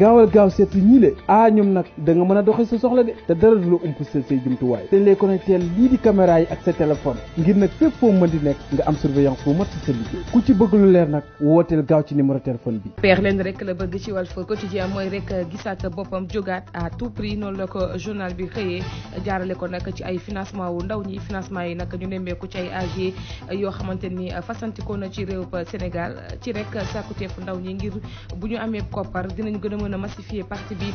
gaawal gaaw seet si ñii le ah ñoom nag da nga mën a doxee sa soxla de te dara du la umpaseel say jumtuwaay dañ lay connecté lii di caméra yi ak sa téléphone ngir nag fépp foo mën di nekk nga am surveillance bu mat sa liggéey ku ci bëgg lu leer nag wooteel gaaw ci numéro téléphone bi peex leen rek la bëgg ci Walf Quotidien noonu la ko journal bi xëyee jaarale ko nag ci ay financement wu ndaw ñi financement yi nag ñu nemmeeku ci ay AG yoo xamante ni fasantikoo na ci réew Sénégal ci rek sàkkuteef ndaw ñi ngir a mën a massifier parti bi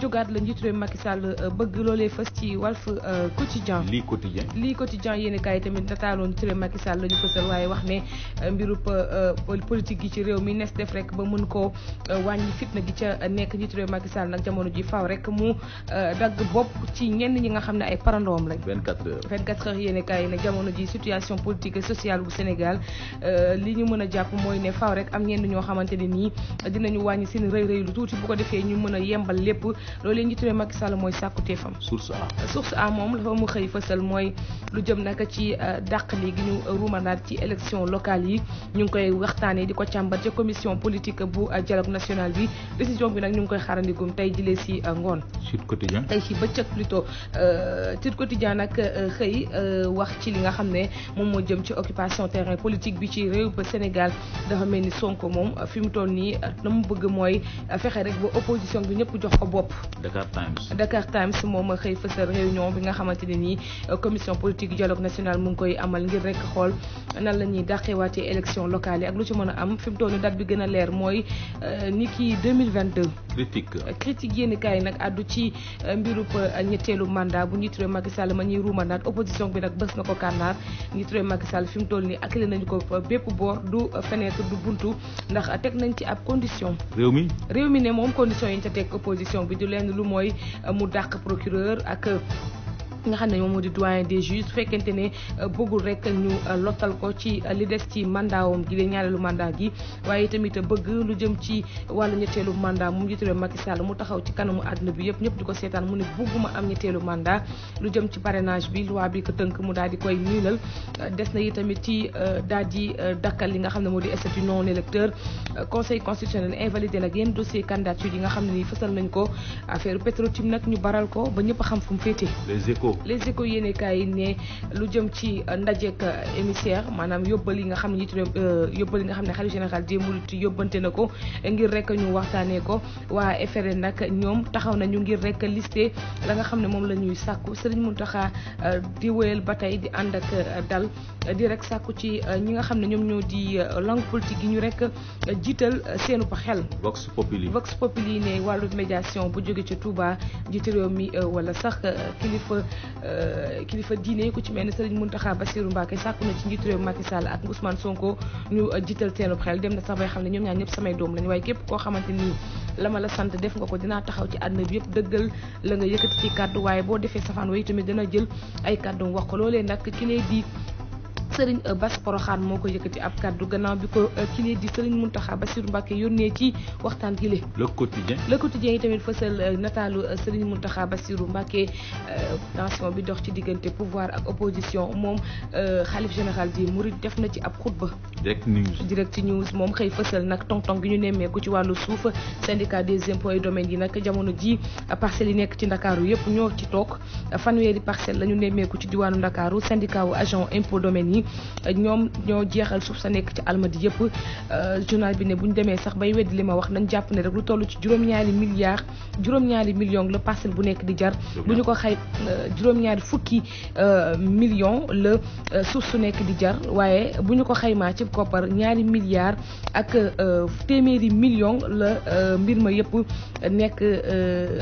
jógaat la njiitu réew Macky euh, ci Walf euh, Quotidien lii Quotidien lii Quotidien yéen kaay tamit nataaloon njiitu réew Macky ne euh, mbirub politique gi ci réew mi nees ji faaw rek mu dagg bopp ci ñenn ñi nga xam ne ay parandoom lañ 24 heures 24 heures yéen kaay bu Sénégal li ñu mën a jàpp mooy ne faaw rek am ñenn ñoo xamante ne nii dinañu wàññi seen rëy rëy tuuti bu ko defee ñu mën a yembal lépp loolee njiitu réew Macky Sall mooy sàkkuteefam. source A source A moom dafa mu xëy fësal mooy lu jëm nag ci euh, dàq li gi ñu ruumanaat ci élection locale yi ñu ngi koy waxtaanee di ko càmbar ci commission politique bu euh, dialogue national bi décision bi nag ñu ngi koy xaarandigum tey jilee si euh, ngoon. Sud Quotidien tey si bëccëg plutôt Sud Quotidien nag xëy wax ci li nga xam ne moom moo jëm ci occupation terrain politique bi ci réew ba Sénégal dafa mel ni Sonko moom fi mu toll nii la mu bëgg mooy fexe fexe ba opposition bi ñëpp jox ko bopp. Dakar Times Dakar Times moom a xëy fësal réunion bi nga xamante ne nii commission politique dialogue national mu ngi koy amal ngir rek xool nan la ñuy dàqeewaatee élection locale yi ak lu ci mën a am fi mu toll date bi gën a leer mooy euh, ni kii 2022. critique critique yéen kaay nag addu ci mbiru euh, mbirub euh, ñetteelu mandat bu njiitu réew Macky Sall ma ñuy ruumanaat opposition bi nag bës na ko kànnaar njiitu réew Macky Sall fi mu toll nii acculé nañu ko euh, bépp boor du fenêtre du buntu ndax teg nañ ci ab condition. réew mi réew mi ne moom condition yi ñu ca teg opposition bi du lenn lu mooy mu dàq procureur ak. ki nga xam ne moom moo di doyen des juges su fekkente ne euh, bëggul rek ñu euh, lottal ko ci euh, li des ci mandaawam gi leen ñaareelu mandat gi waaye tamit bëgg lu jëm ci wàllu ñetteelu mandat mu njiitu réew Macky mu taxaw ci kanamu àdduna bi yëpp ñëpp di ko seetaan mu ne bëgguma am ñetteelu mandat lu jëm ci parrainage bi loi bi ko tënk mu daal di koy niilal des na yi tamit ci daal di dakkal li nga xam ne moo di statut non électeur conseil constitutionnel invalidé nag yenn dossier candidature yi nga xam ne nii fësal nañ ko affaire petro nag ñu baral ko ba ñëpp xam fu mu les échos yéenekaay yi ne lu jëm ci ndajeek émissaire maanaam yóbbal yi nga xam ne njiitu euh, yóbbal yi nga xam ne xalifa général des mourides yóbbante na ko ngir rek ñu waxtaanee ko waa FRN nag ñoom taxaw nañu ngir rek listé la nga xam ne moom la ñuy sàkku Serigne Mountakha euh, di wéyal ba tey di ànd ak euh, dal di rek sàkku ci ñi nga xam ne ñoom ñoo di langue politique yi ñu rek jiital seenu pa xel Vox Populi Vox Populi ne wàllu médiation bu jóge ca Touba jiite réew mi wala sax kilifa Euh, kilifa diine ku ci mel ni Serigne Mountakha Bassirou Mbacké sàkku na ci njiitu réew Macky Sall ak Ousmane Sonko ñu euh, jiital seenub xel dem na sax bay xam ne ñoom ñaar ñëpp samay doom lañu waaye képp koo xamante ni lama la sant def nga ko dinaa taxaw ci àdduna bi yëpp dëggal la nga yëkkati ci kàddu waaye boo defee safaan way tamit dana jël ay kàddu wax ko loolee nag ki lay di sëriñ Bass Poroxaan moo ko yëkkati ab kàddu gannaaw bi ko euh, kii di sëriñ Muntaxa Bassirou Mbacké yónnee ci waxtaan gi le quotidien le quotidien yi tamit fësal euh, nataalu euh, sëriñ Muntaxa Bassirou Mbacké tension bi dox ci diggante pouvoir ak opposition moom xalif général di Mouride def na ci ab xutba direct news direct moom xëy fësal nag tong-tong gi ñu nemmeeku ci wàllu suuf syndicat des impôts et domaines yi nag jamono ji parcelles yi nekk ci ndakaaru yëpp ñoo ci toog fanweeri parcelle la ñu nemmeeku ci diwaanu ñoom ñoo jeexal suuf sa nekk ci almadi yëpp euh, journal bi ne bu ñu demee sax bay weddi li ma wax nañ jàpp ne rek lu toll ci juróom-ñaari milliards juróom-ñaari millions la parcelle bu nekk di jar bu ñu ko xay euh, juróom fukki euh, millions la suuf su nekk di jar waaye bu ñu ko xaymaa ci koppar ñaari milliards ak téeméeri millions la mbir ma yëpp nekk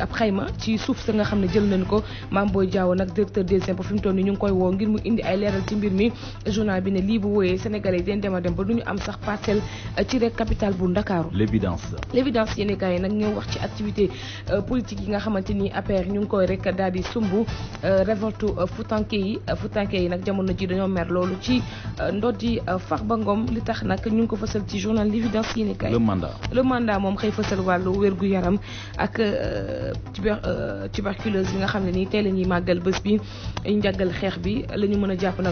ab xayma ci suuf sa nga xam ne jël nañ ko Mame Boye Diao nag directeur des impôts fi mu toll nii ñu ngi koy woo ngir mu indi ay leeral ci mbir mi journal bi ne lii bu wooyee sénégalais yi den dema dem ba du ñu am sax parcelle euh, ci rek capitale bu ndakaaru l'évidence l'évidence yéen yi nag ñoo wax ci activité euh, politique yi nga xamante ni APR ñu ngi koy rek daal di sumb euh, révolte futanke yi futanke yi nag jamono ji dañoo mer loolu ci ndoddi ba Ngom li tax nag ñu ngi ko fësal ci journal l'évidence yéen kaay le mandat le mandat moom xëy fësal wàllu wérgu yaram ak tuber tuberculose yi nga xam ne nii tey la ñuy màggal bés bi njàggal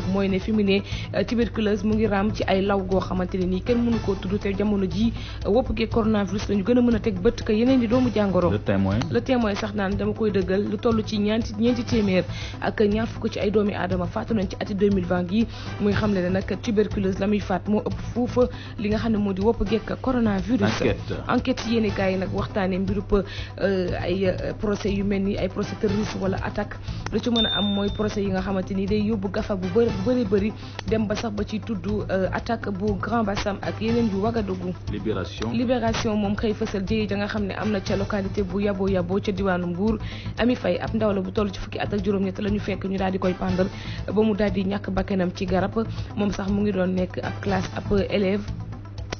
a ne euh, mu ngi raam ci ay law goo xamante ne nii kenn mënu koo tudd te jamono ji wopp gi coronavirus la ñu gën a mën a teg bët ka yeneen di doomu jàngoro le témoin sax naan dama koy dëggal lu toll ci ñaanti ñeenti téeméer ak ñaar ko ci ay doomi aadama faatu nañ ci ati 2020 yi muy xam le ne nag tuberculose la muy faat moo ëpp fuufa li nga xam ne moo di wopp gekk coronavirus enquête yi kaay yi nag waxtaane mbirup euh, ay euh, procès yu mel ni ay procès terroriste wala attaque lu ci mën a am mooy procès yi nga xamante ni day yóbbu gafa bu bëri bëri dem ba sax ba ci tuddu euh, attaque bu Grand Bassam ak yeneen yu Ouagadougou. Libération Libération moom xëy fësal jëye ja nga xam ne am na ca localité bu yaboo yaboo ca diwaanu Mbour. Ami fay ab ndaw la bu toll ci fukki at ak juróom-ñett la ñu fekk ñu daal di koy pandal ba mu daal di ñàkk bakkanam ci garab moom sax mu ngi doon nekk ab classe ab élève.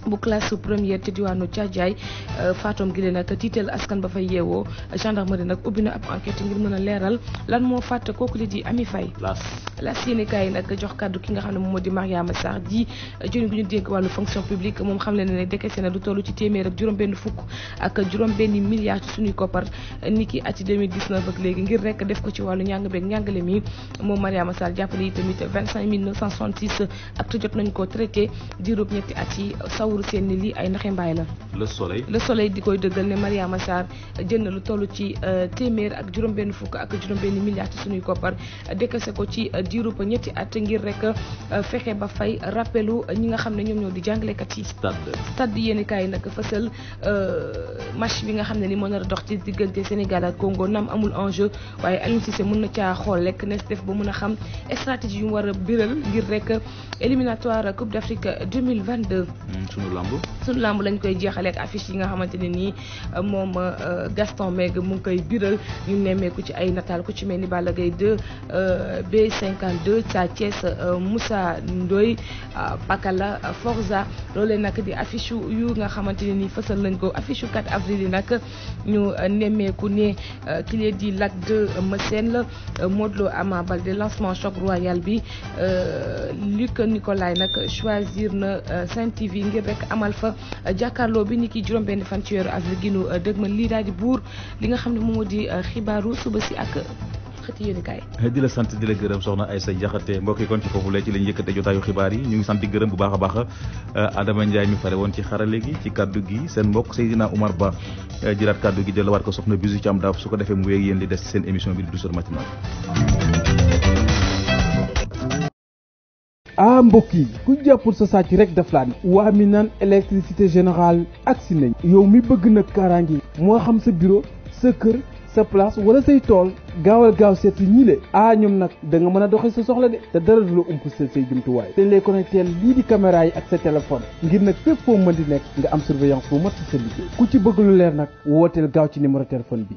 bu classe première te diwaanu Thiadiaye euh, faatoom askan ba fay yeewoo gendarmerie nag ubbi na ab enquête ngir mën a leeral lan moo fàtte kooku li di Ami Faye las yéenekaay yi nag jox kàddu ki nga xam ne moom moo di Mariama Sarr ji jëriñ gu ñu dénk wàllu fonction publique euh, ki at ci 2019 ak léegi ngir rek def ko ci wàllu njàng beeg njàngale mi moom Mariama Sarr jàppale jot nañ ko traité diirub ñetti at saw awru seen ni lii ay naxe mbaay la le soleil le soleil di koy dëggal ne Mariama Sarr jël na lu toll ci euh, téeméer ak juróom-benn fukk ak juróom-benn milliards ci suñuy koppar dékase ko ci euh, diiru ba ñetti at ngir rek euh, fexe ba fay rappelu ñi nga xam ne ñoom ñoo di jàngalekat yi stade yéeni kaay nag fësal match bi nga xam ne ni moo nar ci diggante Sénégal ak Congo naam amul enjeu waaye Aliou Cissé mën na caa xool lekk nees def ba mën a xam stratégie yu war a biral rek éliminatoire Coupe d'Afrique sunu lamb. lañ koy jeexaleek affiche yi nga xamante ne nii euh, moom euh, Gaston Mbengue mu ngi koy biral ñu nemmeeku ci ay nataal ku ci mel ni bala gay 2 euh, B52 Sa Thiès Moussa Ndoye Forza loolee nag di affiche yu nga xamante ne nii fësal nañ ko affiche yu 4 avril yi nag ñu nemmeeku ne kile di Lac 2 Messène la Modou Lo Ama Baldé lancement choc royal bi Luc Nicolaï nag choisir na Sen TV ngir. rek amal fa euh, jàkkaarloo bi ni ki juróom benn fan ci weeru avril gi ma euh, dëgmal lii daal di buur li nga xam ne moom moo di euh, xibaaru suba si ak xëti yéenekaay di la sant di la gërëm soxna sa Diakhaté mbokk yi kon ci foofu lee ci lañu yëkkate jotaayu xibaar yi ñu ngi sant di gërëm bu baax a baax Adama Ndiaye mi fare woon ci xarale gi ci kaddu gi seen mbokk Seydina Oumar Ba jëlaat kaddu gi waat ko soxna Bisu Thiam Daaf su ko defee mu wéeg yéen li des seen émission bi di Douceur matinale ah mbokk yi ku jàppul sa sàcc rek daf laa ne waa mi naan électricité générale si nañ yow mi bëgg nag kaaraange yi moo xam sa bureau sa kër sa place wala say tool gaawal gaaw seet si ñii le ah ñoom nag da nga mën a doxe sa soxla de te dara du la umpaseel say jumtuwaay te ñu lay connecté lii di caméra yi ak sa téléphone ngir nag fépp foo mën di nekk nga am surveillance bu mat sa liggéey ku ci bëgg lu leer nag wooteel gaaw ci numéro téléphone bi